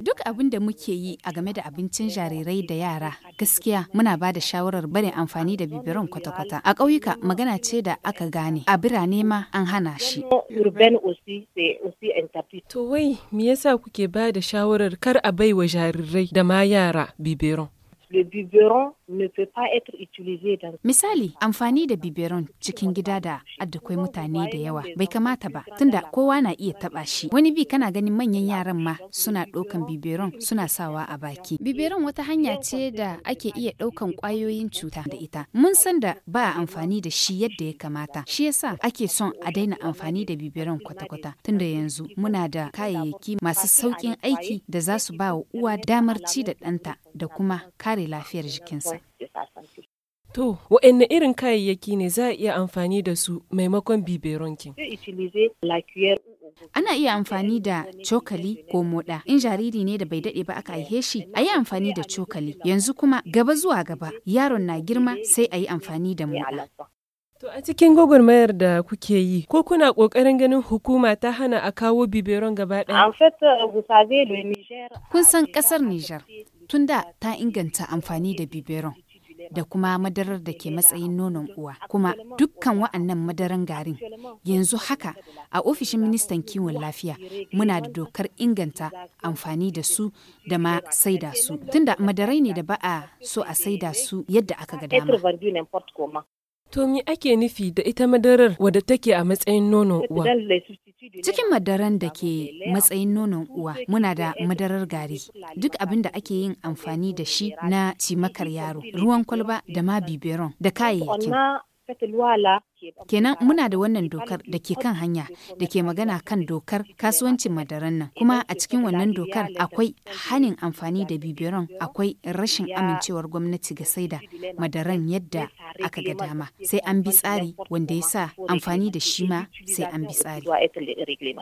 Duk abin da muke yi a game da abincin jarirai da yara gaskiya muna ba da shawarar barin amfani da bibiran kwata-kwata. A ƙauyuka magana ce da aka gane, a birane ma an hana shi. To wai me yasa kuke ba da shawarar kar a baiwa jarirai da ma yara bibiran? Le biberon ne peut pas être utilisé dans... Misali, amfani da biberon cikin gida da addakwai mutane da yawa bai kamata ba, tunda kowa na iya taba shi. Wani bi kana ganin manyan yaran ma suna ɗaukan biberon suna sawa a baki. Biberon wata hanya ce da ake iya ɗaukan ƙwayoyin cuta da ita. Mun san da ba a amfani da shi yadda ya kamata. Shi yasa ake son a daina amfani da biberon kwata-kwata, tunda yanzu muna da kayayyaki masu sauƙin aiki da za su ba wa uwa damar ci da ɗanta da kuma kare lafiyar jikinsa. To, waɗanne irin kayayyaki ne za a iya amfani da su maimakon biberonkin? Ana iya amfani da cokali ko moɗa. In jariri ne da bai daɗe ba aka haife shi, a yi amfani da cokali. Yanzu kuma gaba zuwa gaba, yaron na girma sai a yi amfani da moda. To a cikin gwagwarmayar da kuke yi, ko kuna ƙoƙarin ganin hukuma ta hana a kawo biberon gaba ɗaya? Euh, Kun san ƙasar Nijar Tun da ta inganta amfani da biberon da kuma madarar da ke matsayin nonon uwa kuma dukkan wa'annan madaran garin yanzu haka a ofishin ministan kiwon lafiya muna da dokar inganta amfani da su da ma saida su tunda madarai ne da ba a so a saida su yadda aka ga dama Tomi ake nufi da ita madarar wadda take a matsayin nonon uwa Cikin madaran da ke matsayin nonon uwa muna da madarar gari duk abin da ake yin amfani da shi na cimakar yaro ruwan kwalba da ma biberon da kayayyakin. Kenan muna da wannan dokar da ke kan hanya da ke magana kan dokar kasuwancin madaran nan. Kuma a cikin wannan dokar akwai hanin amfani da bibiron akwai rashin amincewar gwamnati ga saida madaran yadda aka ga dama. Sai an bi tsari wanda ya sa amfani da shi ma sai an bi tsari.